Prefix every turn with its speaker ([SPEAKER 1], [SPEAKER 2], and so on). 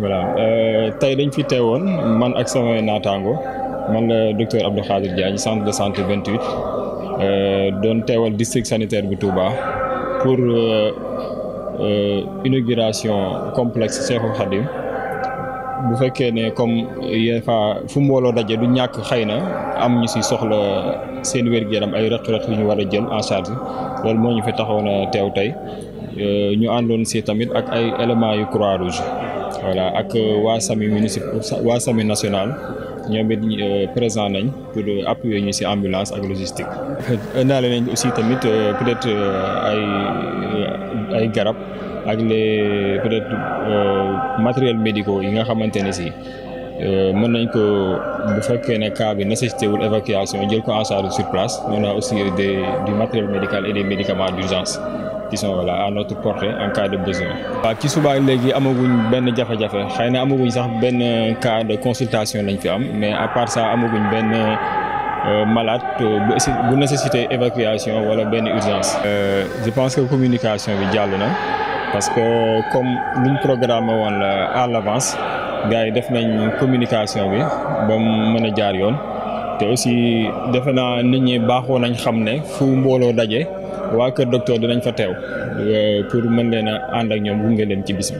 [SPEAKER 1] voilà euh, tay dañ fi téwone man ak sama natango man la docteur Abdou Khadir Diagne centre de santé 28 euh don téwal district sanitaire bu Touba pour euh, euh inauguration complexe Cheikhou Khadim bu fekkee ne comme yenn fa fu mbolo dajé du ñak xeyna am ñu ci soxla seen wér yaram ay rëq-rëq ñu wara a jël en charge loolu moo ñu fi taxoon téw tay euh, ñu àndoon si tamit ak ay éléments yu croix rouge voilà ak euh, waa sami municipal waa sami national ñoom it euh, présent nañ pour appuyer ñu si ambulance ak logistique. indaale nañ aussi tamit peut-être ay ay garab ak les peut-être matériels médicaux yi nga xamante ne si. mën nañ ko bu fekkee ne cas bi nécessité wul évacuation jël ko en charge sur place on a aussi des du matériel médical et des médicaments d'urgence qui sont voilà à notre portée en cas de besoin. souvent les gens léegi ben déjà fait déjà fait. na amaguñ sax ben cas de consultation lañ fi am mais à part ça amaguñ ben malade euh, bu nécessité évacuation wala ben urgence. Euh, je pense que communication bi jàll parce que comme luñ programme à l'avance gars yi def nañ communication bi bon mu Et jaar aussi defe naa nit ñi baaxoo nañ xam ne fu mbooloo daje. waa kër docteur dinañ fa teew euh, pour mën leen a ànd ak ñoom gunge leen ci bis